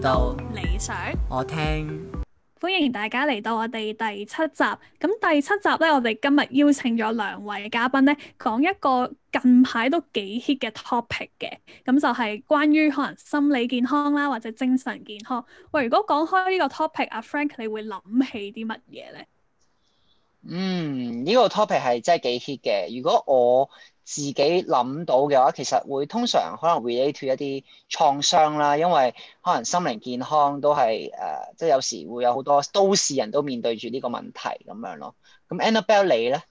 到理想，我聽。歡迎大家嚟到我哋第七集。咁第七集咧，我哋今日邀請咗兩位嘉賓咧，講一個近排都幾 hit 嘅 topic 嘅。咁就係關於可能心理健康啦，或者精神健康。喂、呃，如果講開呢個 topic，阿、啊、Frank 你會諗起啲乜嘢咧？嗯、呢、這個 topic 係真係幾 hit 嘅。如果我自己諗到嘅話，其實會通常可能 relate to 一啲創傷啦，因為可能心靈健康都係誒，即、呃、係、就是、有時會有好多都市人都面對住呢個問題咁樣咯。咁 Annabelle 你咧？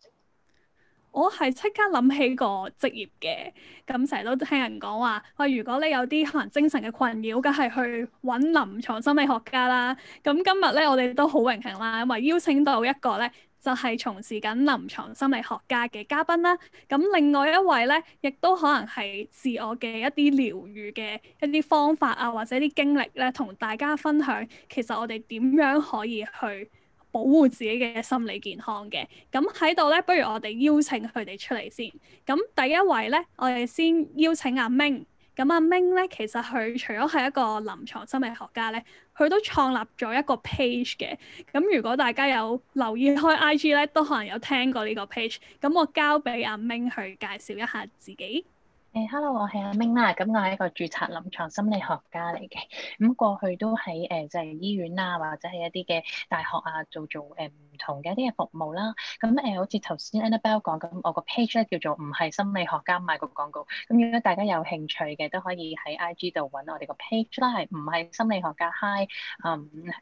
我係即刻諗起個職業嘅，咁成日都聽人講話話，如果你有啲可能精神嘅困擾，梗係去搵臨床心理學家啦。咁今日咧，我哋都好榮幸啦，因為邀請到一個咧。就係從事緊臨床心理學家嘅嘉賓啦，咁另外一位咧，亦都可能係自我嘅一啲療癒嘅一啲方法啊，或者啲經歷咧，同大家分享其實我哋點樣可以去保護自己嘅心理健康嘅。咁喺度咧，不如我哋邀請佢哋出嚟先。咁第一位咧，我哋先邀請阿 Ming，咁阿 Ming 咧，其實佢除咗係一個臨床心理學家咧。佢都創立咗一個 page 嘅，咁如果大家有留意開 IG 咧，都可能有聽過呢個 page。咁我交俾阿 Ming 去介紹一下自己。誒、hey，Hello，我係阿 Ming 啦，咁我係一個註冊臨床心理學家嚟嘅，咁過去都喺誒、呃、就係、是、醫院啊，或者係一啲嘅大學啊做做誒。呃同嘅一啲嘅服務啦，咁、嗯、誒，好似頭先 Annabelle 講咁，我個 page 咧叫做唔係心理學家賣個廣告。咁如果大家有興趣嘅，都可以喺 I G 度揾我哋個 page 啦，係唔係心理學家 Hi，嗯誒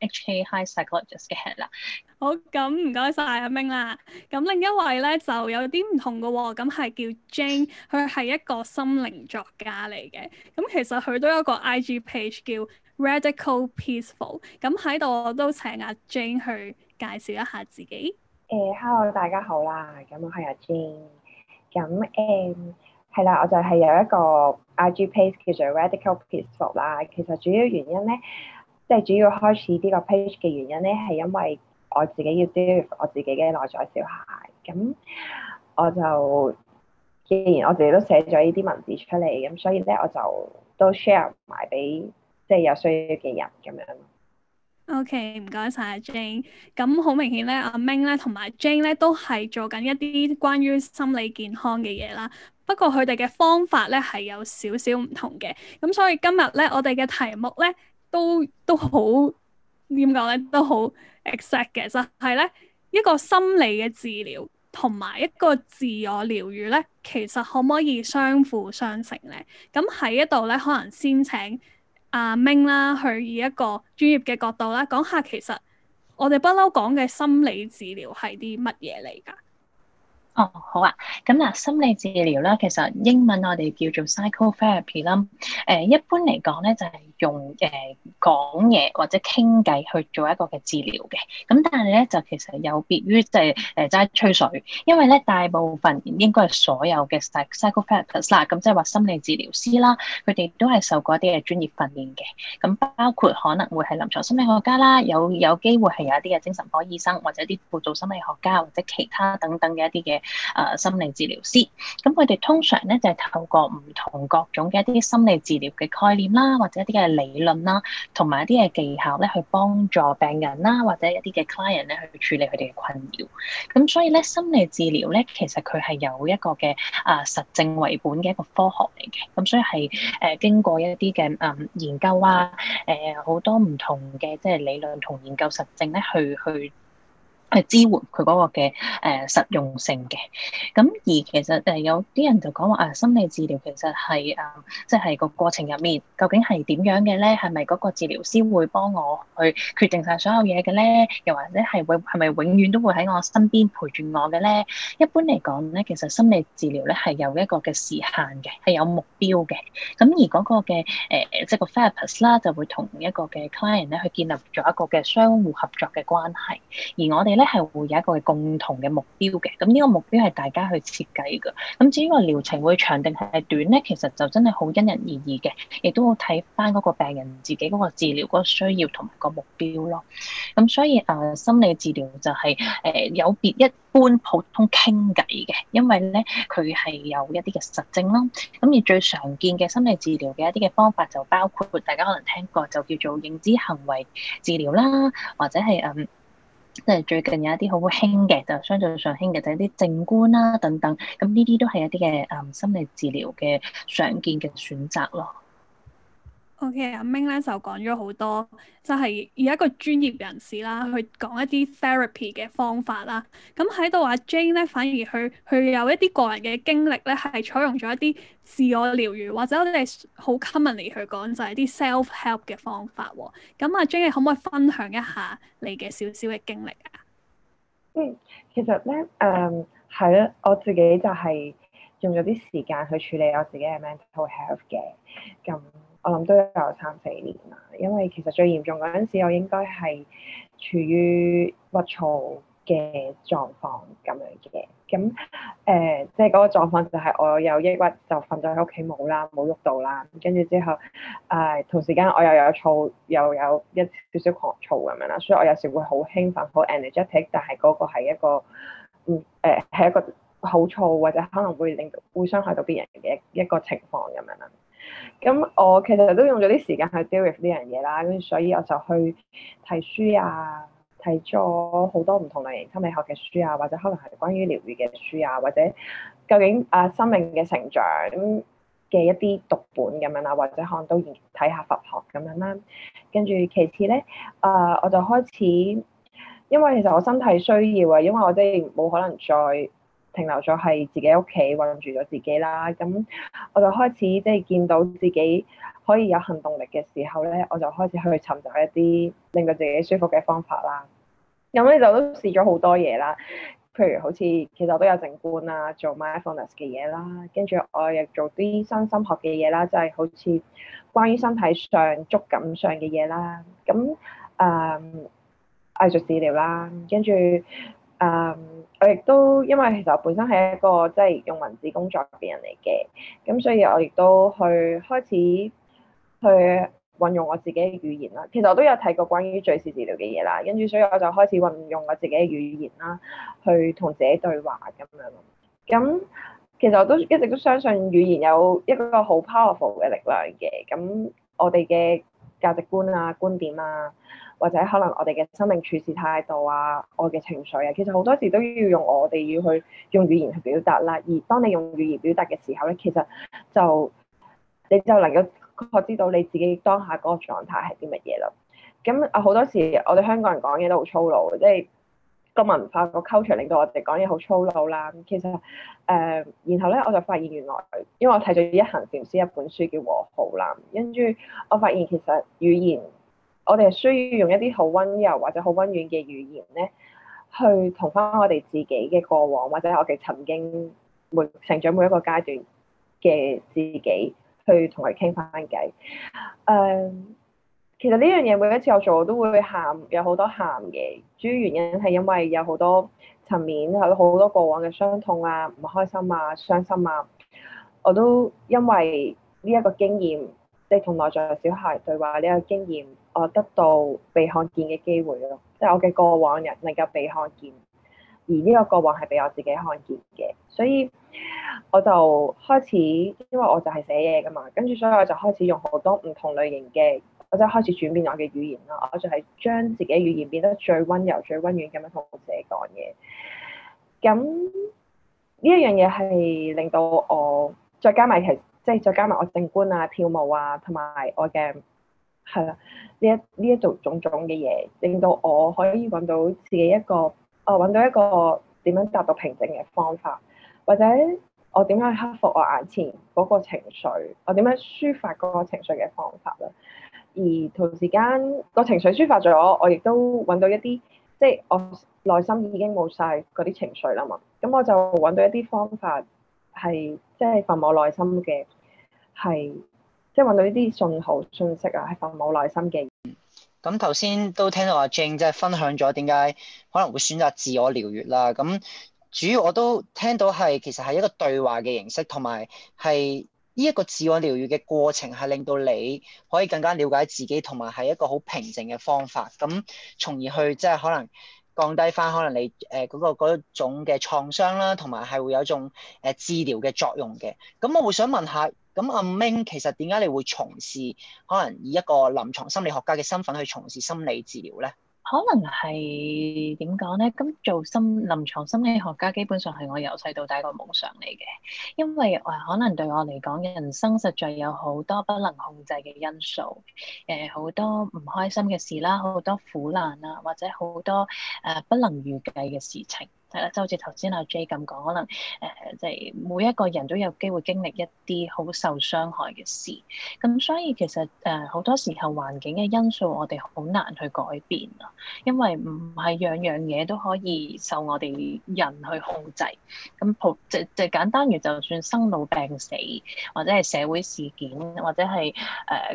H A、um, uh, Hi Psychologist 嘅啦。好，咁唔該晒阿 Ming 啦。咁另一位咧就有啲唔同嘅喎、哦，咁係叫 Jane，佢係一個心靈作家嚟嘅。咁其實佢都有個 I G page 叫 Radical Peaceful。咁喺度我都請阿、啊、Jane 去。介紹一下自己。誒，uh, hello 大家好啦，咁我係阿 Jane，咁誒係啦，我就係有一個 IG page 叫做 Radical Peaceful 啦。其實主要原因咧，即係主要開始呢個 page 嘅原因咧，係因為我自己要 deal 我自己嘅內在小孩。咁我就既然我自己都寫咗呢啲文字出嚟，咁所以咧我就都 share 埋俾即係有需要嘅人咁樣。OK，唔該晒阿 Jane。咁好明顯咧，阿 Ming 咧同埋 Jane 咧都係做緊一啲關於心理健康嘅嘢啦。不過佢哋嘅方法咧係有少少唔同嘅。咁所以今日咧，我哋嘅題目咧都都好點講咧都好 exact 嘅，就係咧一個心理嘅治療同埋一個自我療癒咧，其實可唔可以相輔相成咧？咁喺一度咧，可能先請。阿、啊、明啦，去以一個專業嘅角度啦，講下其實我哋不嬲講嘅心理治療係啲乜嘢嚟㗎？哦，好啊，咁嗱，心理治療啦。其實英文我哋叫做 psychotherapy 啦、呃。誒，一般嚟講咧，就係、是、用誒講嘢或者傾偈去做一個嘅治療嘅。咁但係咧，就其實有別於即係誒齋吹水，因為咧大部分應該係所有嘅 psychotherapists 啦、呃，咁即係話心理治療師啦，佢哋都係受過一啲嘅專業訓練嘅。咁包括可能會係臨床心理學家啦，有有機會係有一啲嘅精神科醫生或者啲輔導心理學家或者其他等等嘅一啲嘅。誒、呃、心理治療師，咁佢哋通常咧就係、是、透過唔同各種嘅一啲心理治療嘅概念啦，或者一啲嘅理論啦，同埋一啲嘅技巧咧，去幫助病人啦、啊，或者一啲嘅 client 咧去處理佢哋嘅困擾。咁所以咧，心理治療咧，其實佢係有一個嘅啊、呃、實證為本嘅一個科學嚟嘅。咁所以係誒、呃、經過一啲嘅誒研究啊，誒、呃、好多唔同嘅即係理論同研究實證咧去去。去係支援佢嗰個嘅誒實用性嘅，咁而其實誒有啲人就講話啊，心理治療其實係誒，即係個過程入面究竟係點樣嘅咧？係咪嗰個治療師會幫我去決定曬所有嘢嘅咧？又或者係會係咪永遠都會喺我身邊陪住我嘅咧？一般嚟講咧，其實心理治療咧係有一個嘅時限嘅，係有目標嘅。咁而嗰個嘅誒誒即係個 therapist 啦，就會同一個嘅 client 咧去建立咗一個嘅相互合作嘅關係，而我哋咧，即係會有一個共同嘅目標嘅，咁呢個目標係大家去設計㗎。咁至於個療程會長定係短咧，其實就真係好因人而異嘅，亦都好睇翻嗰個病人自己嗰個治療嗰、那個需要同埋個目標咯。咁所以誒、呃，心理治療就係、是、誒、呃、有別一般普通傾偈嘅，因為咧佢係有一啲嘅實證咯。咁而最常見嘅心理治療嘅一啲嘅方法就包括大家可能聽過就叫做認知行為治療啦，或者係嗯。即係最近有一啲好好興嘅，就相對上興嘅就係、是、啲靜觀啦等等，咁呢啲都係一啲嘅嗯心理治療嘅常見嘅選擇咯。O.K. 阿 Ming 咧就講咗好多，就係以一個專業人士啦，去講一啲 therapy 嘅方法啦。咁喺度阿 Jane 咧反而佢去，去有一啲個人嘅經歷咧，係採用咗一啲自我療癒，或者你哋好 commonly 去講就係啲 self help 嘅方法。咁阿 Jane，你可唔可以分享一下你嘅少少嘅經歷啊？其實咧，誒係咧，我自己就係用咗啲時間去處理我自己嘅 mental health 嘅，咁。我諗都有三四年啦，因為其實最嚴重嗰陣時，我應該係處於鬱躁嘅狀況咁樣嘅。咁誒，即係嗰個狀況就係我有抑鬱就，就瞓咗喺屋企冇啦，冇喐到啦。跟住之後，誒、呃、同時間我又有躁，又有一少少狂躁咁樣啦。所以我有時會好興奮，好 energetic，但係嗰個係一個嗯誒係一個好躁，或者可能會令到會傷害到別人嘅一個情況咁樣啦。咁我其實都用咗啲時間去 deal with 呢樣嘢啦，跟住所以我就去睇書啊，睇咗好多唔同類型心理學嘅書啊，或者可能係關於療癒嘅書啊，或者究竟啊生命嘅成長嘅一啲讀本咁樣啊，或者可能都睇下佛學咁樣啦。跟住其次咧，誒、呃、我就開始，因為其實我身體需要啊，因為我真係冇可能再。停留咗係自己屋企困住咗自己啦，咁我就開始即係、就是、見到自己可以有行動力嘅時候咧，我就開始去尋找一啲令到自己舒服嘅方法啦。咁我就都試咗好多嘢啦，譬如好似其實我都有靜觀啦，做 mindfulness 嘅嘢啦，跟住我又做啲身心學嘅嘢啦，即、就、係、是、好似關於身體上觸感上嘅嘢啦，咁誒、嗯、藝術治療啦，跟住。嗯，um, 我亦都因為其實我本身係一個即係、就是、用文字工作嘅人嚟嘅，咁所以我亦都去開始去運用我自己嘅語言啦。其實我都有睇過關於敘事治療嘅嘢啦，跟住所以我就開始運用我自己嘅語言啦，去同自己對話咁樣。咁其實我都一直都相信語言有一個好 powerful 嘅力量嘅。咁我哋嘅價值觀啊、觀點啊。或者可能我哋嘅生命處事態度啊，我嘅情緒啊，其實好多時都要用我哋要去用語言去表達啦。而當你用語言表達嘅時候咧，其實就你就能夠確知道你自己當下嗰個狀態係啲乜嘢啦。咁好多時我哋香港人講嘢都好粗魯，即係個文化個 culture 令到我哋講嘢好粗魯啦。其實誒、呃，然後咧我就發現原來，因為我睇咗一行禪師一本書叫和《和好》啦，跟住我發現其實語言。我哋係需要用一啲好温柔或者好溫暖嘅語言咧，去同翻我哋自己嘅過往，或者我哋曾經每成長每一個階段嘅自己，去同佢傾翻偈。誒，uh，其實呢樣嘢每一次我做我都會會喊，有好多喊嘅。主要原因係因為有好多層面，有好多過往嘅傷痛啊、唔開心啊、傷心啊，我都因為呢一個經驗，即係同內在嘅小孩對話呢個經驗。我得到被看見嘅機會咯，即係我嘅過往人能夠被看見，而呢個過往係俾我自己看見嘅，所以我就開始，因為我就係寫嘢噶嘛，跟住所以我就開始用好多唔同類型嘅，我就係開始轉變我嘅語言咯，我就係將自己嘅語言變得最温柔、最溫軟咁樣同我自己講嘢。咁呢一樣嘢係令到我，再加埋其實即係再加埋我靜觀啊、跳舞啊，同埋我嘅。係啦，呢一呢一組種種嘅嘢，令到我可以揾到自己一個，啊、哦、揾到一個點樣達到平靜嘅方法，或者我點樣去克服我眼前嗰個情緒，我點樣抒發嗰個情緒嘅方法啦。而同時間個情緒抒發咗，我亦都揾到一啲，即係我內心已經冇晒嗰啲情緒啦嘛。咁我就揾到一啲方法係，即係放我內心嘅係。即係揾到呢啲信號、信息啊，係份好耐心嘅嘢。咁頭先都聽到阿 Jane 即係分享咗點解可能會選擇自我療愈啦。咁主要我都聽到係其實係一個對話嘅形式，同埋係呢一個自我療愈嘅過程，係令到你可以更加了解自己，同埋係一個好平靜嘅方法。咁從而去即係可能，降低翻可能你誒、嗰、嗰個種嘅創傷啦，同埋係會有一種誒治療嘅作用嘅。咁我會想問下，咁阿 Ming，其實點解你會從事可能以一個臨床心理學家嘅身份去從事心理治療咧？可能係點講呢？咁做心臨床心理學家，基本上係我由細到大一個夢想嚟嘅。因為可能對我嚟講，人生實在有好多不能控制嘅因素，誒、呃，好多唔開心嘅事啦，好多苦難啊，或者好多誒、呃、不能預計嘅事情。係啦，就好似頭先阿 J 咁講，可能誒即係每一個人都有機會經歷一啲好受傷害嘅事，咁所以其實誒好多時候環境嘅因素，我哋好難去改變啊，因為唔係樣樣嘢都可以受我哋人去控制。咁普即即簡單如，就算生老病死，或者係社會事件，或者係誒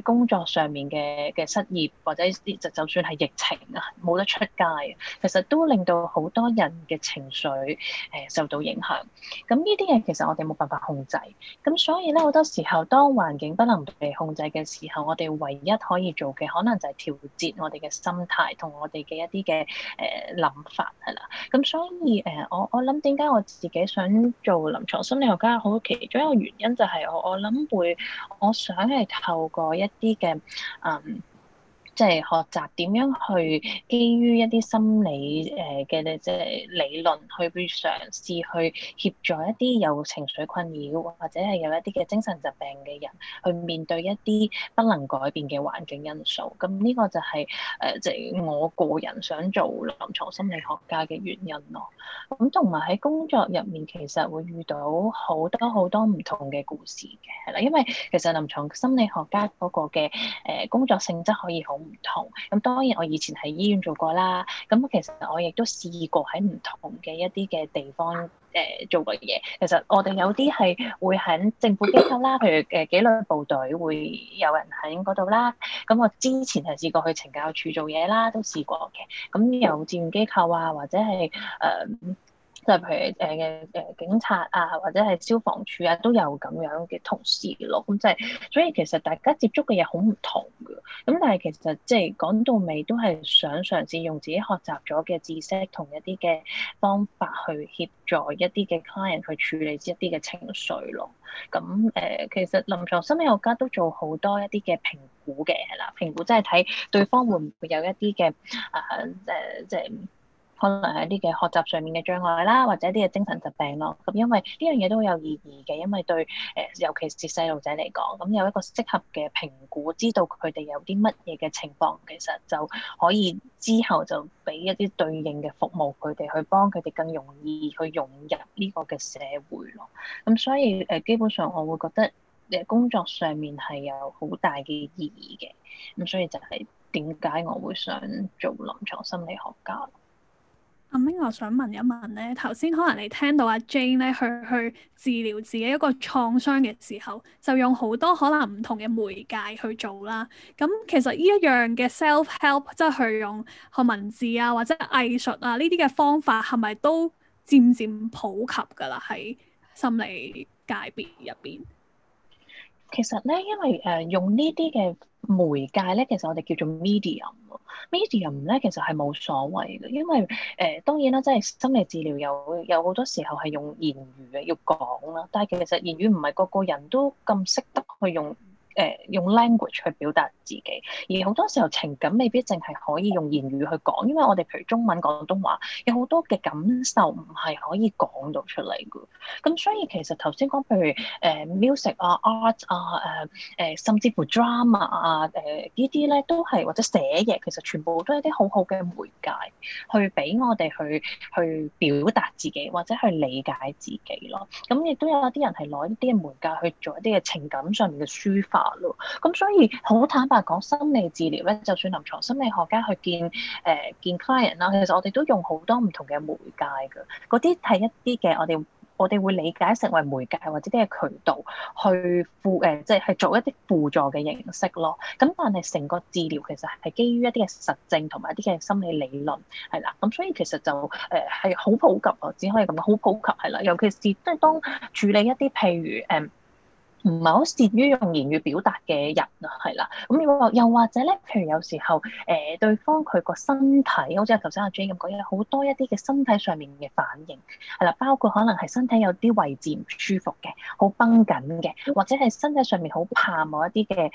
工作上面嘅嘅失業，或者就就算係疫情啊，冇得出街，其實都令到好多人嘅情水誒受到影響，咁呢啲嘢其實我哋冇辦法控制，咁所以咧好多時候，當環境不能被控制嘅時候，我哋唯一可以做嘅，可能就係調節我哋嘅心態同我哋嘅一啲嘅誒諗法係啦。咁所以誒，我我諗點解我自己想做臨床心理學家，好其中一個原因就係我我諗會，我想係透過一啲嘅嗯。即係學習點樣去基於一啲心理誒嘅即係理論，去嘗試去協助一啲有情緒困擾或者係有一啲嘅精神疾病嘅人去面對一啲不能改變嘅環境因素。咁呢個就係誒即係我個人想做臨床心理學家嘅原因咯。咁同埋喺工作入面，其實會遇到好多好多唔同嘅故事嘅，係啦，因為其實臨床心理學家嗰個嘅誒工作性質可以好。唔同咁，當然我以前喺醫院做過啦。咁其實我亦都試過喺唔同嘅一啲嘅地方誒做過嘢。其實我哋、呃、有啲係會喺政府機構啦，譬如誒紀律部隊會有人喺嗰度啦。咁、嗯、我之前係試過去懲教處做嘢啦，都試過嘅。咁、嗯、有志願機構啊，或者係誒。呃就譬如誒嘅誒警察啊，或者係消防處啊，都有咁樣嘅同事咯。咁即係，所以其實大家接觸嘅嘢好唔同嘅。咁但係其實即係講到尾都係想嘗試用自己學習咗嘅知識同一啲嘅方法去協助一啲嘅 client 去處理一啲嘅情緒咯。咁誒、呃，其實臨床心理學家都做好多一啲嘅評估嘅，係啦，評估即係睇對方會唔會有一啲嘅誒誒，即係。笑 2 うこ可能係一啲嘅學習上面嘅障礙啦，或者一啲嘅精神疾病咯。咁因為呢樣嘢都好有意義嘅，因為對誒尤其是細路仔嚟講，咁有一個適合嘅評估，知道佢哋有啲乜嘢嘅情況，其實就可以之後就俾一啲對應嘅服務佢哋，去幫佢哋更容易去融入呢個嘅社會咯。咁所以誒，基本上我會覺得誒工作上面係有好大嘅意義嘅。咁所以就係點解我會想做臨床心理學家。阿 Ming，我想問一問咧，頭先可能你聽到阿 Jane 咧去去治療自己一個創傷嘅時候，就用好多可能唔同嘅媒介去做啦。咁其實呢一樣嘅 self-help，即係去用文字啊或者藝術啊呢啲嘅方法，係咪都漸漸普及㗎喇？喺心理界別入邊。其實咧，因為誒、呃、用呢啲嘅媒介咧，其實我哋叫做 med medium medium 咧，其實係冇所謂嘅，因為誒、呃、當然啦，即係心理治療又會有好多時候係用言語嘅要講啦。但係其實言語唔係個個人都咁識得去用。誒用 language 去表達自己，而好多時候情感未必淨係可以用言語去講，因為我哋譬如中文、廣東話有好多嘅感受唔係可以講到出嚟嘅。咁所以其實頭先講譬如誒、呃、music 啊、art 啊、誒、啊、誒、啊、甚至乎 drama 啊、誒、啊、呢啲咧都係或者寫嘢其實全部都係啲好好嘅媒介，去俾我哋去去表達自己或者去理解自己咯。咁亦都有一啲人係攞一啲嘅媒介去做一啲嘅情感上面嘅抒發。咁所以好坦白講，心理治療咧，就算臨床心理學家去見誒、呃、見 client 啦、啊，其實我哋都用好多唔同嘅媒介嘅，嗰啲係一啲嘅我哋我哋會理解成為媒介或者啲嘅渠道去輔誒，即係係做一啲輔助嘅形式咯。咁但係成個治療其實係基於一啲嘅實證同埋一啲嘅心理理論，係啦。咁所以其實就誒係好普及啊，只可以咁樣，好普及係啦。尤其是即係當處理一啲譬如誒、呃唔係好擅於用言語表達嘅人啦，係啦。咁又或又或者咧，譬如有時候誒、呃、對方佢個身體，好似頭先阿 Jane 咁講嘢，好多一啲嘅身體上面嘅反應係啦，包括可能係身體有啲位置唔舒服嘅，好崩緊嘅，或者係身體上面好怕某一啲嘅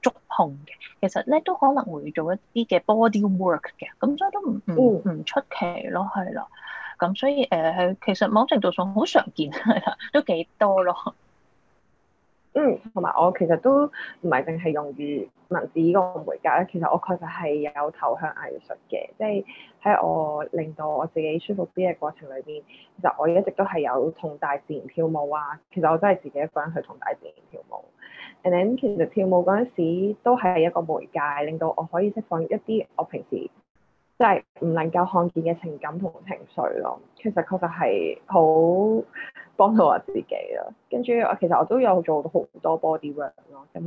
誒觸碰嘅，其實咧都可能會做一啲嘅 body work 嘅，咁所以都唔唔、哦、出奇咯，係啦。咁所以誒、呃，其實某程度上好常見，係啦，都幾多咯。嗯，同埋我其實都唔係淨係用於文字依個媒介咧，其實我確實係有投向藝術嘅，即係喺我令到我自己舒服啲嘅過程裏邊，其實我一直都係有同大自然跳舞啊。其實我真係自己一個人去同大自然跳舞，and then 其實跳舞嗰陣時都係一個媒介，令到我可以釋放一啲我平時，即係唔能夠看見嘅情感同情緒咯，其實確實係好幫到我自己咯。跟住我其實我都有做咗好多 bodywork 咯，咁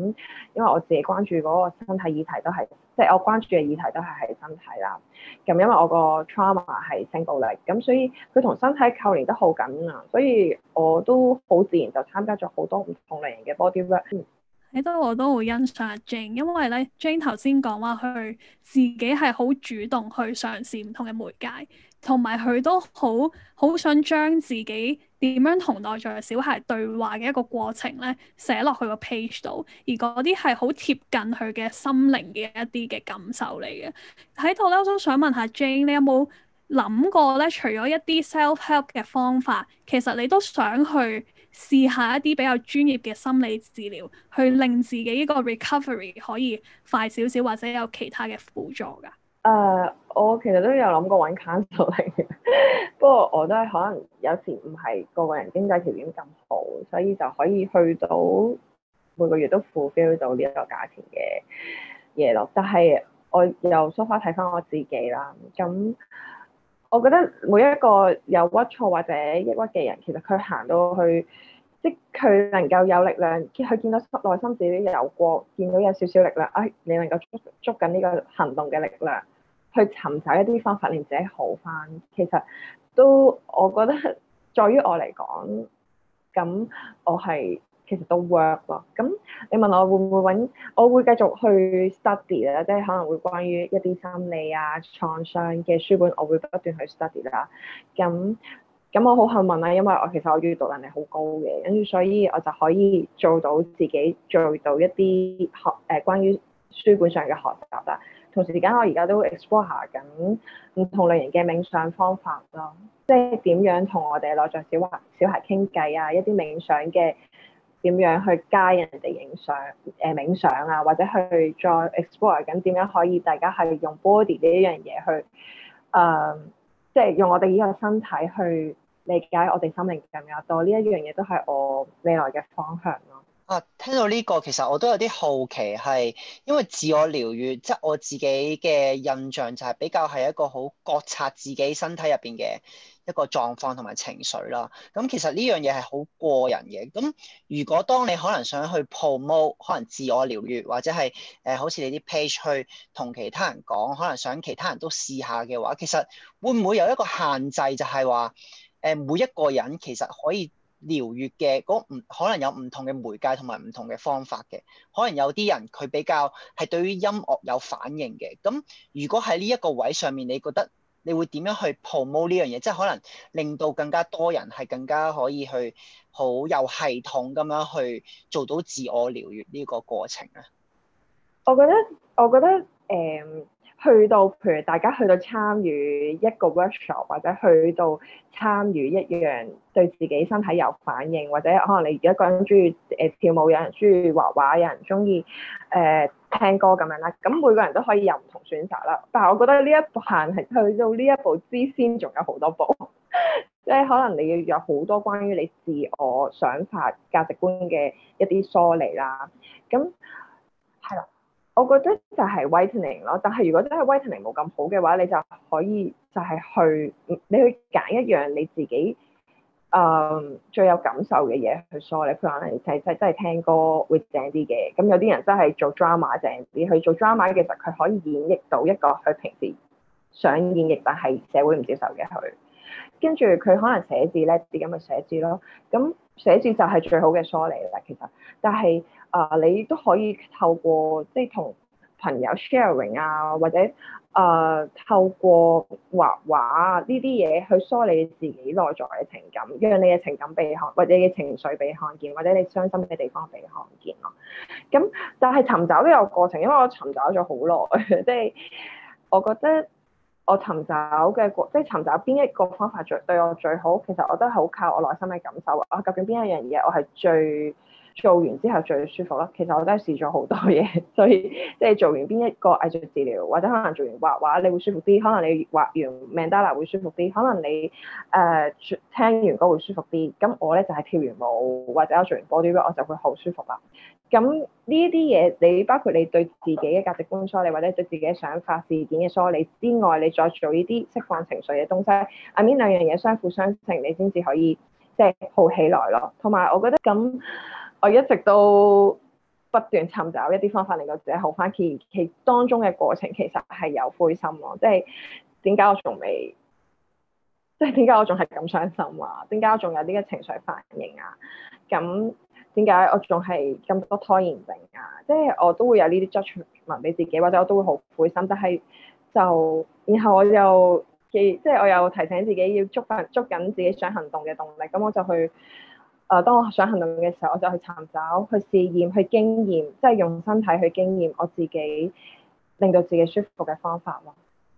因為我自己關注嗰個身體議題都係，即係我關注嘅議題都係喺身體啦。咁因為我個 trauma 係性暴力，咁所以佢同身體扣連得好緊啊，所以我都好自然就參加咗好多唔同類型嘅 bodywork。喺度我都會欣賞阿、啊、Jane，因為咧 Jane 頭先講話佢自己係好主動去嘗試唔同嘅媒介，同埋佢都好好想將自己點樣同內在嘅小孩對話嘅一個過程咧寫落去個 page 度，而嗰啲係好貼近佢嘅心靈嘅一啲嘅感受嚟嘅。喺度咧我都想問下 Jane，你有冇諗過咧？除咗一啲 self-help 嘅方法，其實你都想去。試下一啲比較專業嘅心理治療，去令自己依個 recovery 可以快少少，或者有其他嘅輔助噶。誒，uh, 我其實都有諗過揾 counseling，不過我都係可能有時唔係個個人經濟條件咁好，所以就可以去到每個月都付 bill 到呢一個價錢嘅嘢咯。但係我又疏忽睇翻我自己啦，咁。我覺得每一個有屈錯或者抑鬱嘅人，其實佢行到去，即佢能夠有力量，佢見到內心自己有過，見到有少少力量，哎，你能夠捉捉緊呢個行動嘅力量，去尋找一啲方法令自己好返。其實都我覺得，在於我嚟講，咁我係。其實都 work 咯，咁你問我會唔會揾？我會繼續去 study 啦，即係可能會關於一啲心理啊、創傷嘅書本，我會不斷去 study 啦。咁咁我好幸運啦，因為我其實我閱讀能力好高嘅，跟住所以我就可以做到自己做到一啲學誒關於書本上嘅學習啦。同時間我而家都 explore 下緊唔同類型嘅冥想方法咯，即係點樣同我哋內在小孩小孩傾偈啊，一啲冥想嘅。點樣去教人哋冥想？誒冥想啊，或者去再 explore 緊點樣可以大家係用 body 呢一樣嘢去誒、呃，即係用我哋依個身體去理解我哋心靈更加多。呢一樣嘢都係我未來嘅方向咯、啊。啊，聽到呢、這個其實我都有啲好奇，係因為自我療癒，即、就、係、是、我自己嘅印象就係比較係一個好覺察自己身體入邊嘅。一個狀況同埋情緒啦，咁其實呢樣嘢係好過人嘅。咁如果當你可能想去 promote，可能自我療癒或者係誒、呃、好似你啲 page 去同其他人講，可能想其他人都試下嘅話，其實會唔會有一個限制就係話誒每一個人其實可以療癒嘅唔可能有唔同嘅媒介同埋唔同嘅方法嘅，可能有啲人佢比較係對於音樂有反應嘅。咁如果喺呢一個位上面，你覺得？你會點樣去 promote 呢樣嘢？即係可能令到更加多人係更加可以去好有系統咁樣去做到自我療癒呢個過程啊。我覺得，我覺得，誒、嗯。去到譬如大家去到參與一個 workshop 或者去到參與一樣對自己身體有反應，或者可能你而家個人鍾意誒跳舞，有人鍾意畫畫，有人鍾意誒聽歌咁樣啦。咁每個人都可以有唔同選擇啦。但係我覺得呢一步行係去到呢一步之先，仲有好多步，即 係可能你要有好多關於你自我想法、價值觀嘅一啲梳理啦。咁。我覺得就係 writing 咯，但係如果真係 writing 冇咁好嘅話，你就可以就係去，你去揀一樣你自己誒、嗯、最有感受嘅嘢去梳理。佢可能係真係真係聽歌會正啲嘅，咁有啲人真係做 drama 正啲。你去做 drama 其實佢可以演繹到一個佢平時想演繹但係社會唔接受嘅佢。跟住佢可能寫字叻啲咁咪寫字咯，咁、嗯、寫字就係最好嘅梳理啦，其實。但係啊、呃，你都可以透過即係同朋友 sharing 啊，或者啊、呃、透過畫畫呢啲嘢去梳理自己內在嘅情感，讓你嘅情感被看，或者你嘅情緒被看見，或者你傷心嘅地方被看見咯。咁、嗯、但係尋找呢個過程，因為我尋找咗好耐，即 係我覺得。我尋找嘅個，即係尋找邊一個方法最對我最好，其實我都係好靠我內心嘅感受。我、啊、究竟邊一樣嘢我係最做完之後最舒服啦。其實我都係試咗好多嘢，所以即係、就是、做完邊一個藝術治療，或者可能做完畫畫，你會舒服啲；可能你畫完 Mandala 會舒服啲；可能你誒、uh，聽完歌會舒服啲。咁我咧就係、是、跳完舞，或者我做完 body work 我就會好舒服啦。咁呢一啲嘢，你包括你對自己嘅價值觀梳理，或者對自己嘅想法事件嘅梳理之外，你再做呢啲釋放情緒嘅東西，係 I 呢 mean，兩樣嘢相輔相成？你先至可以即係、就是、好起來咯。同埋我覺得咁。我一直都不斷尋找一啲方法令到自己好翻，其其當中嘅過程其實係有灰心咯。即係點解我仲未？即係點解我仲係咁傷心啊？點解我仲有呢個情緒反應啊？咁點解我仲係咁多拖延症啊？即係我都會有呢啲 judgement 畀自己，或者我都會好灰心。但係就然後我又記，即係我又提醒自己要捉緊捉緊自己想行動嘅動力，咁我就去。誒，當我想行動嘅時候，我就去尋找、去試驗、去經驗，即係用身體去經驗我自己，令到自己舒服嘅方法咯。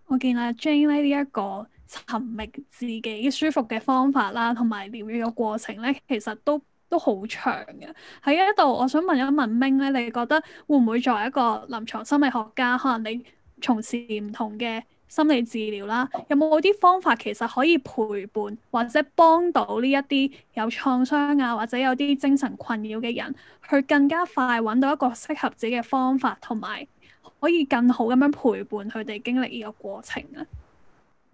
我見阿 Jane 咧呢一個尋覓自己舒服嘅方法啦，同埋療癒嘅過程咧，其實都都好長嘅。喺呢一度，我想問一問 Ming 咧，你覺得會唔會作為一個臨床心理學家，可能你從事唔同嘅？心理治療啦，有冇啲方法其實可以陪伴或者幫到呢一啲有創傷啊或者有啲精神困擾嘅人，去更加快揾到一個適合自己嘅方法，同埋可以更好咁樣陪伴佢哋經歷呢個過程啊？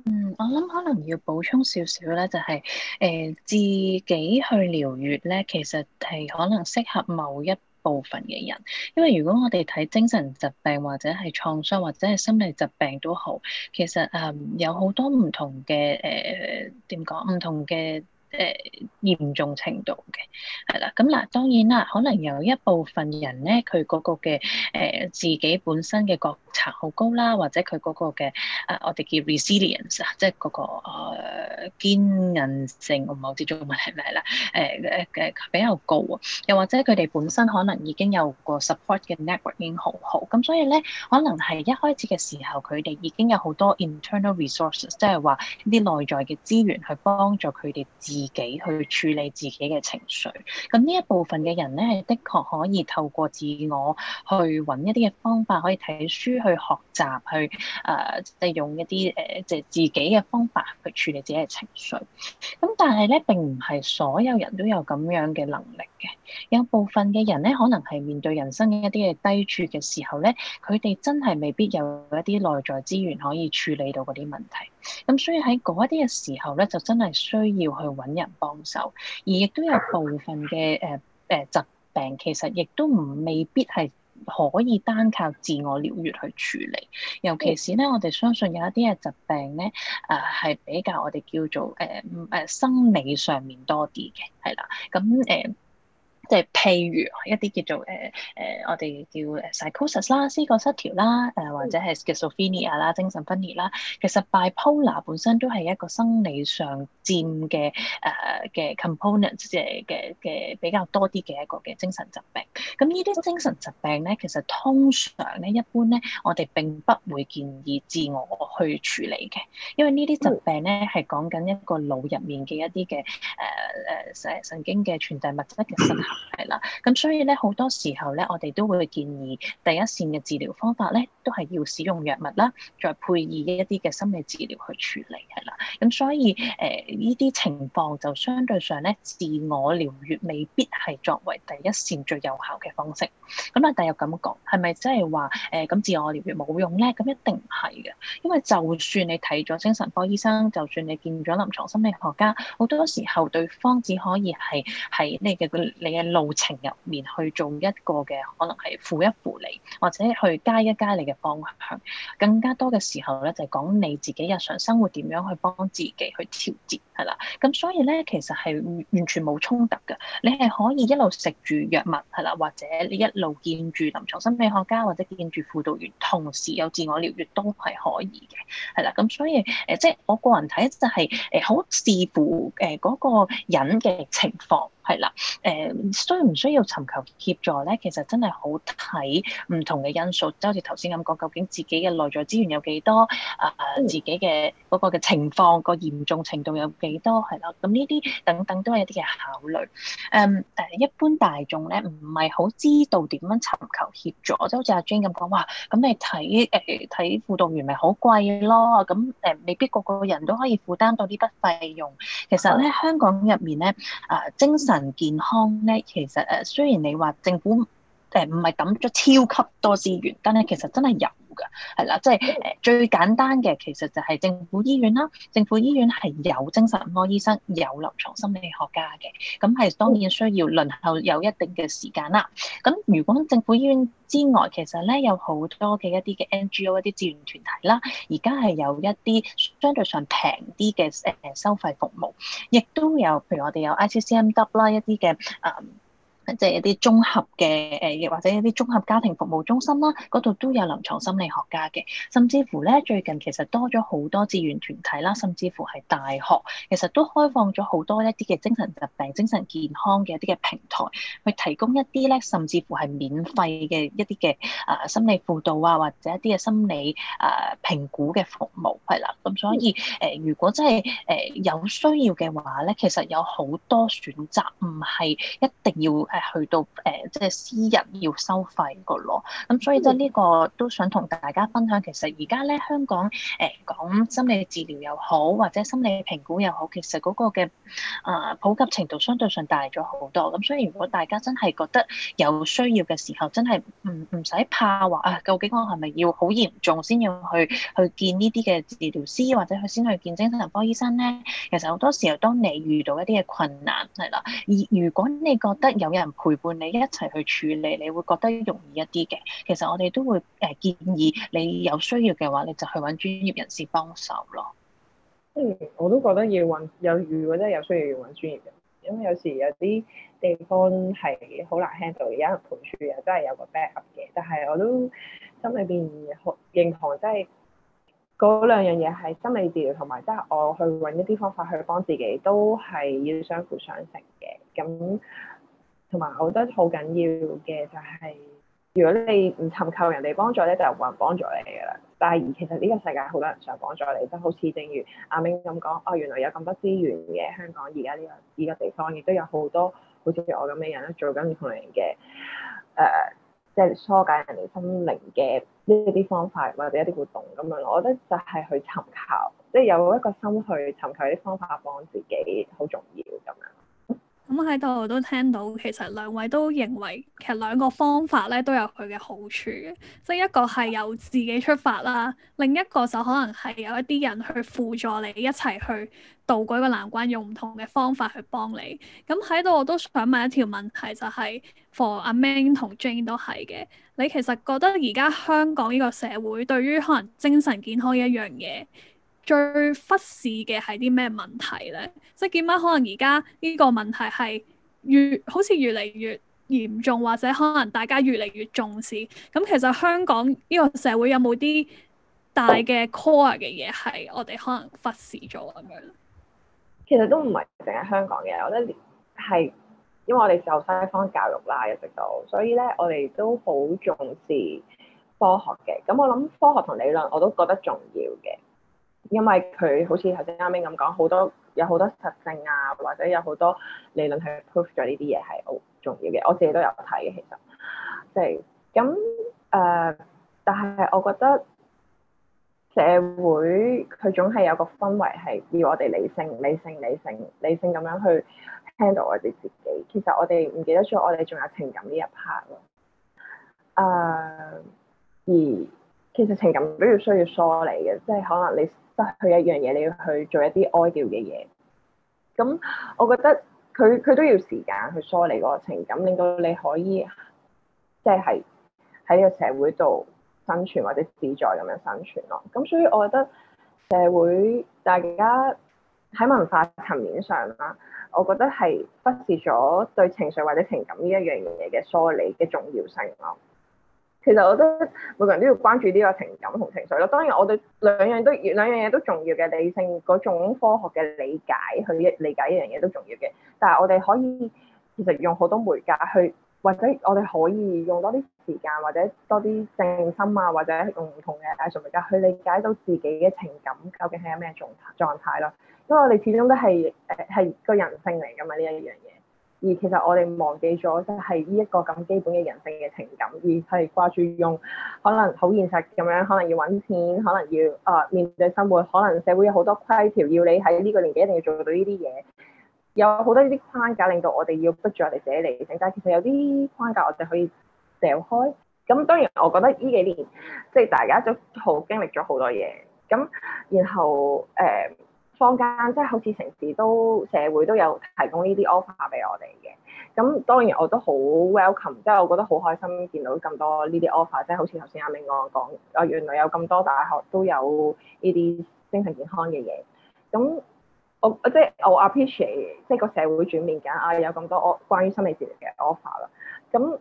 嗯，我諗可能要補充少少咧，就係誒自己去療癒咧，其實係可能適合某一部分嘅人，因為如果我哋睇精神疾病或者係創傷或者係心理疾病都好，其實誒、嗯、有好多唔同嘅，誒點講唔同嘅。誒、呃、嚴重程度嘅係啦，咁嗱當然啦，可能有一部分人咧，佢嗰個嘅誒、呃、自己本身嘅覺察好高啦，或者佢嗰個嘅啊、呃、我哋叫 resilience 啊、那個，即係嗰個誒堅韌性，我唔知中文係咪啦？誒誒誒比較高啊，又或者佢哋本身可能已經有個 support 嘅 network 已經好好，咁所以咧，可能係一開始嘅時候，佢哋已經有好多 internal resources，即係話啲內在嘅資源去幫助佢哋自自己去處理自己嘅情緒，咁呢一部分嘅人咧，係的確可以透過自我去揾一啲嘅方法，可以睇書去學習去誒利用一啲誒即係自己嘅方法去處理自己嘅情緒，咁但係咧，並唔係所有人都有咁樣嘅能力嘅，有部分嘅人咧，可能係面對人生一啲嘅低處嘅時候咧，佢哋真係未必有一啲內在資源可以處理到嗰啲問題。咁、嗯、所以喺嗰啲嘅時候咧，就真係需要去揾人幫手，而亦都有部分嘅誒誒疾病，其實亦都唔未必係可以單靠自我療癒去處理，尤其是咧，我哋相信有一啲嘅疾病咧，誒、呃、係比較我哋叫做誒誒、呃呃、生理上面多啲嘅，係啦，咁、嗯、誒。呃即係譬如一啲叫做誒誒、呃呃，我哋叫 psychosis 啦、思覺失調啦，誒、呃、或者係 schizophrenia 啦、精神分裂啦，其實 bipolar 本身都係一個生理上佔嘅誒嘅、呃、component 即、呃、係嘅嘅比較多啲嘅一個嘅精神疾病。咁呢啲精神疾病咧，其實通常咧一般咧，我哋並不會建議自我去處理嘅，因為呢啲疾病咧係講緊一個腦入面嘅一啲嘅誒誒神神經嘅傳遞物質嘅失效。係啦，咁所以咧，好多時候咧，我哋都會建議第一線嘅治療方法咧，都係要使用藥物啦，再配以一啲嘅心理治療去處理，係啦。咁所以誒，依、呃、啲情況就相對上咧，自我療愈未必係作為第一線最有效嘅方式。咁啊，但又咁講，係咪即係話誒咁自我療愈冇用咧？咁一定唔係嘅，因為就算你睇咗精神科醫生，就算你見咗臨床心理學家，好多時候對方只可以係喺你嘅你嘅路程入面去做一個嘅可能係扶一扶你，或者去加一加你嘅。方向更加多嘅時候咧，就係、是、講你自己日常生活點樣去幫自己去調節係啦。咁所以咧，其實係完全冇衝突㗎。你係可以一路食住藥物係啦，或者你一路見住臨床心理學家或者見住輔導員，同時有自我療愈都係可以嘅係啦。咁所以誒、呃，即係我個人睇就係誒，好視乎誒嗰個人嘅情況。係啦，誒、呃、需唔需要尋求協助咧？其實真係好睇唔同嘅因素，就好似頭先咁講，究竟自己嘅內在資源有幾多啊、呃？自己嘅嗰個嘅情況、個嚴重程度有幾多係啦？咁呢啲等等都係一啲嘅考慮。誒、嗯、誒，一般大眾咧唔係好知道點樣尋求協助，就好似阿 Jane 咁講，哇！咁你睇誒睇輔導員咪好貴咯？咁誒未必個個人都可以負擔到呢筆費用。其實咧香港入面咧啊、呃、精神。人健康呢，其實誒，雖然你話政府，誒唔係揼咗超級多資源，但係其實真係有㗎，係啦，即係誒最簡單嘅，其實就係政府醫院啦。政府醫院係有精神科醫生、有臨床心理學家嘅，咁係當然需要輪候有一定嘅時間啦。咁如果政府醫院之外，其實咧有好多嘅一啲嘅 NGO 一啲志願團體啦，而家係有一啲相對上平啲嘅誒收費服務，亦都有，譬如我哋有 ICCMW 啦一啲嘅誒。嗯即係一啲綜合嘅誒，亦或者一啲綜合家庭服務中心啦，嗰度都有臨床心理學家嘅。甚至乎咧，最近其實多咗好多志願團體啦，甚至乎係大學，其實都開放咗好多一啲嘅精神疾病、精神健康嘅一啲嘅平台，去提供一啲咧，甚至乎係免費嘅一啲嘅啊心理輔導啊，或者一啲嘅心理啊、呃、評估嘅服務，係啦。咁所以誒、呃，如果真係誒、呃、有需要嘅話咧，其實有好多選擇，唔係一定要。誒去到誒即係私人要收費個咯，咁所以即係呢個都想同大家分享，其實而家咧香港誒、呃、講心理治療又好，或者心理評估又好，其實嗰個嘅啊、呃、普及程度相對上大咗好多。咁所以如果大家真係覺得有需要嘅時候，真係唔唔使怕話啊，究竟我係咪要好嚴重先要去去見呢啲嘅治療師，或者去先去見精神科醫生咧？其實好多時候，當你遇到一啲嘅困難係啦，而如果你覺得有人，陪伴你一齊去處理，你會覺得容易一啲嘅。其實我哋都會誒建議你有需要嘅話，你就去揾專業人士幫手咯。嗯，我都覺得要揾有餘，如果真係有需要要揾專業嘅，因為有時有啲地方係好難 handle，而有人陪住又真係有個 backup 嘅。但係我都心裏邊認同，即係嗰兩樣嘢係心理治療同埋，即係我去揾一啲方法去幫自己，都係要相輔相成嘅。咁。同埋，我覺得好緊要嘅就係，如果你唔尋求人哋幫助咧，就冇人幫助你噶啦。但係而其實呢個世界好多人想幫助你，即係好似正如阿明咁講，哦，原來有咁多資源嘅香港，這個，而家呢個呢個地方亦都有好多，好似我咁嘅人啦，做緊同類型嘅誒，即、呃、係、就是、疏解人哋心靈嘅呢啲方法或者一啲活動咁樣。我覺得就係去尋求，即、就、係、是、有一個心去尋求啲方法幫自己，好重要咁樣。咁喺度我都聽到，其實兩位都認為，其實兩個方法咧都有佢嘅好處嘅。即係一個係由自己出發啦，另一個就可能係有一啲人去輔助你一齊去渡過一個難關，用唔同嘅方法去幫你。咁喺度我都想問一條問題，就係、是、for 阿 Ming 同 Jane 都係嘅，你其實覺得而家香港呢個社會對於可能精神健康一樣嘢，最忽視嘅係啲咩問題咧？即係點解可能而家呢個問題係越好似越嚟越嚴重，或者可能大家越嚟越重視。咁其實香港呢個社會有冇啲大嘅 core 嘅嘢係我哋可能忽視咗咁樣？其實都唔係淨係香港嘅，我覺得係因為我哋受西方教育啦，一直到所以咧，我哋都好重視科學嘅。咁我諗科學同理論我都覺得重要嘅。因為佢好似頭先啱啱咁講，好多有好多實證啊，或者有好多理論去 prove 咗呢啲嘢係好重要嘅。我自己都有睇嘅，其實即係咁誒。但係我覺得社會佢總係有個氛圍係要我哋理性、理性、理性、理性咁樣去 handle 我哋自己。其實我哋唔記得咗，我哋仲有情感呢一 part 咯。誒、呃，而其實情感都要需要梳理嘅，即係可能你。失去一樣嘢，你要去做一啲哀悼嘅嘢。咁我覺得佢佢都要時間去梳理個情感，令到你可以即係喺呢個社會度生存或者自在咁樣生存咯。咁所以我覺得社會大家喺文化層面上啦，我覺得係忽視咗對情緒或者情感呢一樣嘢嘅梳理嘅重要性咯。其實我覺得每個人都要關注呢個情感同情緒咯。當然我哋兩樣都兩樣嘢都重要嘅，理性嗰種科學嘅理解去理解一樣嘢都重要嘅。但係我哋可以其實用好多媒介去，或者我哋可以用多啲時間或者多啲靜心啊，或者用唔同嘅藝術媒介去理解到自己嘅情感究竟係有咩狀狀態咯。因為我哋始終都係誒係個人性嚟㗎嘛，呢一樣嘢。而其實我哋忘記咗，即係呢一個咁基本嘅人性嘅情感，而係掛住用，可能好現實咁樣，可能要揾錢，可能要啊、uh, 面對生活，可能社會有好多規條要你喺呢個年紀一定要做到呢啲嘢，有好多呢啲框架令到我哋要逼住我哋自己嚟，但係其實有啲框架我哋可以掉開。咁當然我覺得呢幾年，即係大家都好經歷咗好多嘢。咁然後誒。Uh, 坊間即係好似城市都社會都有提供呢啲 offer 俾我哋嘅，咁當然我都好 welcome，即係我覺得好開心見到咁多呢啲 offer，即係好似頭先阿明講講，啊原來有咁多大學都有呢啲精神健康嘅嘢，咁我即係、就是、我 appreciate 即係個社會轉變緊啊，有咁多我關於心理治療嘅 offer 啦，咁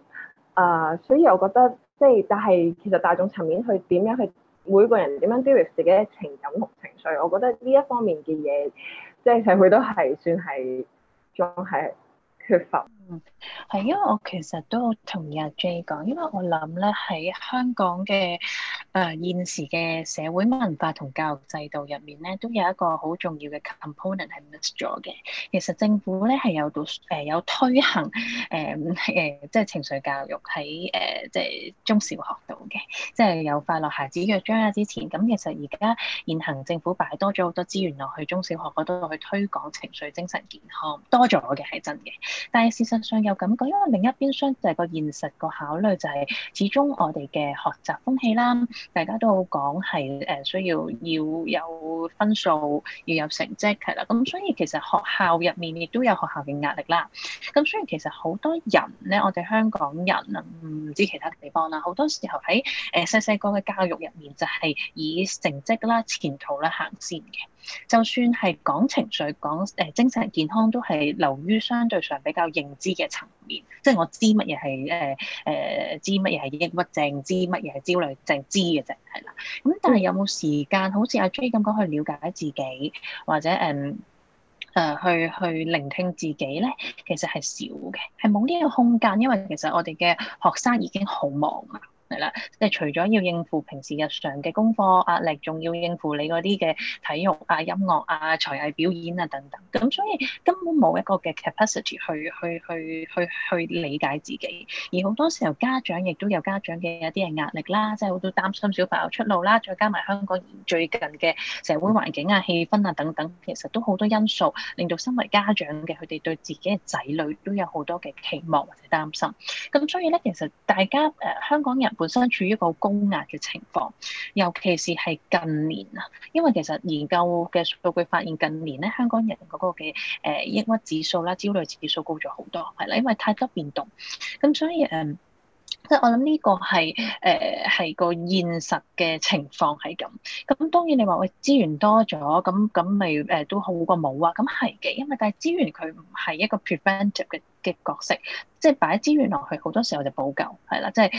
啊、呃，所以我覺得即係、就是、但係其實大眾層面去點樣去，每個人點樣 deal with 自己嘅情感同情緒，我覺得呢一方面嘅嘢，即係社會都係算係仲係缺乏。嗯，係，因為我其實都同阿 J 講，因為我諗咧喺香港嘅，誒、呃、現時嘅社會文化同教育制度入面咧，都有一個好重要嘅 component 係 miss 咗嘅。其實政府咧係有到誒、呃、有推行誒誒、呃、即係情緒教育喺誒、呃、即係中小學度嘅，即係有快樂孩子約章啊之前，咁其實而家現行政府擺多咗好多資源落去中小學嗰度去推廣情緒精神健康，多咗嘅係真嘅，但係事實。有感覺，因為另一邊廂就係個現實個考慮，就係始終我哋嘅學習風氣啦，大家都講係誒需要要有分數，要有成績，係啦。咁所以其實學校入面亦都有學校嘅壓力啦。咁所以其實好多人咧，我哋香港人啊，唔、嗯、知其他地方啦，好多時候喺誒細細個嘅教育入面就係以成績啦、前途啦行先嘅。就算係講情緒、講誒精神健康，都係流於相對上比較認知嘅層面，即係我知乜嘢係誒誒，知乜嘢係抑鬱症，知乜嘢係焦慮症，知嘅啫，係啦。咁但係有冇時間好似阿 J 咁講去了解自己，或者誒誒、呃、去去聆聽自己咧？其實係少嘅，係冇呢個空間，因為其實我哋嘅學生已經好忙。係啦，即係除咗要應付平時日常嘅功課壓力，仲要應付你嗰啲嘅體育啊、音樂啊、才藝表演啊等等，咁所以根本冇一個嘅 capacity 去去去去去理解自己。而好多時候家長亦都有家長嘅一啲嘅壓力啦，即係好多擔心小朋友出路啦，再加埋香港最近嘅社會環境啊、氣氛啊等等，其實都好多因素令到身為家長嘅佢哋對自己嘅仔女都有好多嘅期望或者擔心。咁所以咧，其實大家誒、呃、香港人，本身處於一個高壓嘅情況，尤其是係近年啊，因為其實研究嘅數據發現，近年咧香港人嗰個嘅誒抑鬱指數啦、焦慮指數高咗好多，係啦，因為太急變動，咁所以誒、呃，即係我諗呢個係誒係個現實嘅情況係咁。咁當然你話喂資源多咗，咁咁咪誒都好過冇啊？咁係嘅，因為但係資源佢唔係一個 preventive 嘅。嘅角色，即係擺資源落去，好多時候就補救，係啦，即係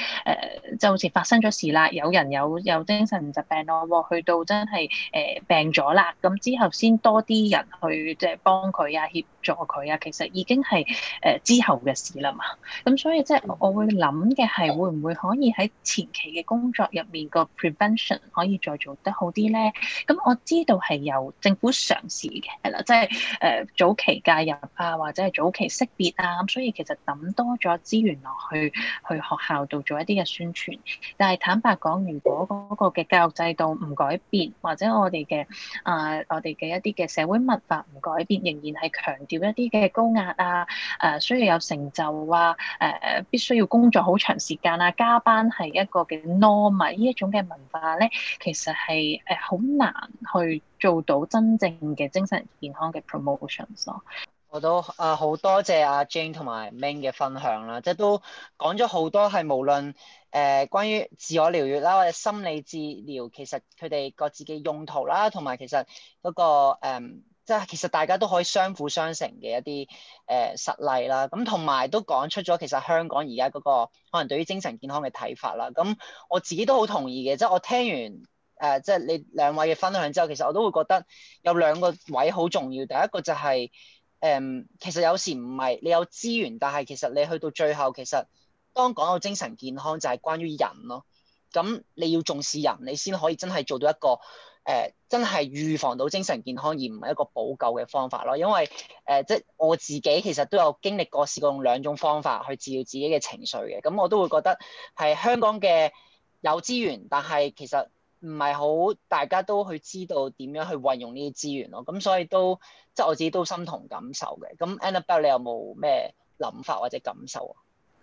誒就好、是、似、呃、發生咗事啦，有人有有精神疾病咯，去到真係誒、呃、病咗啦，咁之後先多啲人去即係幫佢啊，協助佢啊，其實已經係誒、呃、之後嘅事啦嘛。咁所以即係我會諗嘅係會唔會可以喺前期嘅工作入面個 prevention 可以再做得好啲咧？咁我知道係由政府嘗試嘅，係啦，即係誒、呃、早期介入啊，或者係早期識別啊。所以其實抌多咗資源落去去學校度做一啲嘅宣傳，但係坦白講，如果嗰個嘅教育制度唔改變，或者我哋嘅啊我哋嘅一啲嘅社會文化唔改變，仍然係強調一啲嘅高壓啊，誒、啊、需要有成就啊，誒、啊、必須要工作好長時間啊，加班係一個嘅 norm 啊，呢一種嘅文化咧，其實係誒好難去做到真正嘅精神健康嘅 promotions 咯。我都啊好多謝阿 Jane 同埋 Ming 嘅分享啦，即係都講咗好多係無論誒關於自我療癒啦，或者心理治療，其實佢哋各自嘅用途啦，同埋其實嗰、那個誒、嗯、即係其實大家都可以相輔相成嘅一啲誒實例啦。咁同埋都講出咗其實香港而家嗰個可能對於精神健康嘅睇法啦。咁我自己都好同意嘅，即係我聽完誒即係你兩位嘅分享之後，其實我都會覺得有兩個位好重要。第一個就係、是。誒，其實有時唔係你有資源，但係其實你去到最後，其實當講到精神健康，就係關於人咯。咁你要重視人，你先可以真係做到一個誒、呃，真係預防到精神健康，而唔係一個補救嘅方法咯。因為誒、呃，即係我自己其實都有經歷過試過用兩種方法去治療自己嘅情緒嘅，咁我都會覺得係香港嘅有資源，但係其實唔係好大家都去知道點樣去運用呢啲資源咯，咁所以都即係我自己都心同感受嘅。咁 Annabelle 你有冇咩諗法或者感受啊？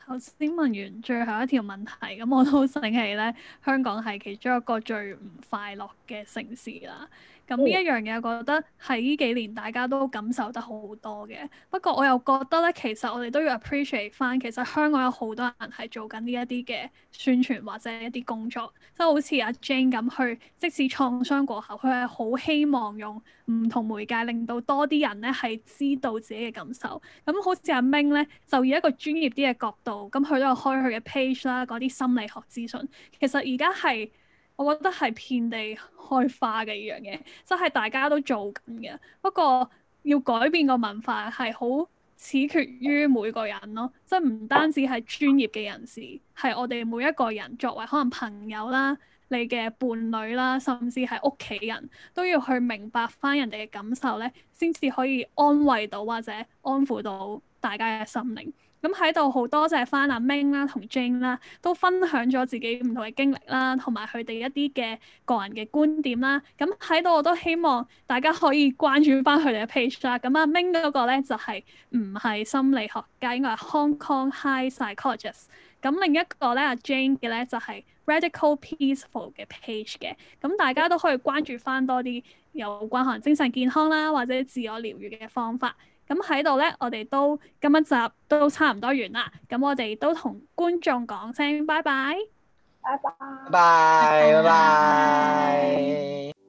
頭先問完最後一條問題，咁我都好幸慶咧，香港係其中一個最唔快樂嘅城市啦。咁呢一樣嘢，我覺得喺呢幾年大家都感受得好多嘅。不過我又覺得咧，其實我哋都要 appreciate 翻，其實香港有好多人係做緊呢一啲嘅宣傳或者一啲工作，即係好似阿 Jane 咁，去即使創傷過後，佢係好希望用唔同媒介令到多啲人咧係知道自己嘅感受。咁好似阿 Ming 咧，就以一個專業啲嘅角度，咁佢都有開佢嘅 page 啦，嗰啲心理學資訊。其實而家係我覺得係遍地開花嘅一樣嘢，即係大家都做緊嘅。不過要改變個文化係好始決於每個人咯，即係唔單止係專業嘅人士，係我哋每一個人作為可能朋友啦、你嘅伴侶啦，甚至係屋企人都要去明白返人哋嘅感受咧，先至可以安慰到或者安撫到大家嘅心靈。咁喺度好多謝翻阿 Ming 啦同 Jane 啦，都分享咗自己唔同嘅經歷啦，同埋佢哋一啲嘅個人嘅觀點啦。咁喺度我都希望大家可以關注翻佢哋嘅 page 啦。咁阿 Ming 嗰個咧就係吾係心理學家，應該係 Hong Kong Hi Psychologist。咁另一個咧阿 Jane 嘅咧就係 Radical Peaceful 嘅 page 嘅。咁大家都可以關注翻多啲有關可能精神健康啦，或者自我療癒嘅方法。咁喺度咧，我哋都今日集都差唔多完啦。咁我哋都同觀眾講聲拜拜，拜拜，拜拜，拜拜。拜拜。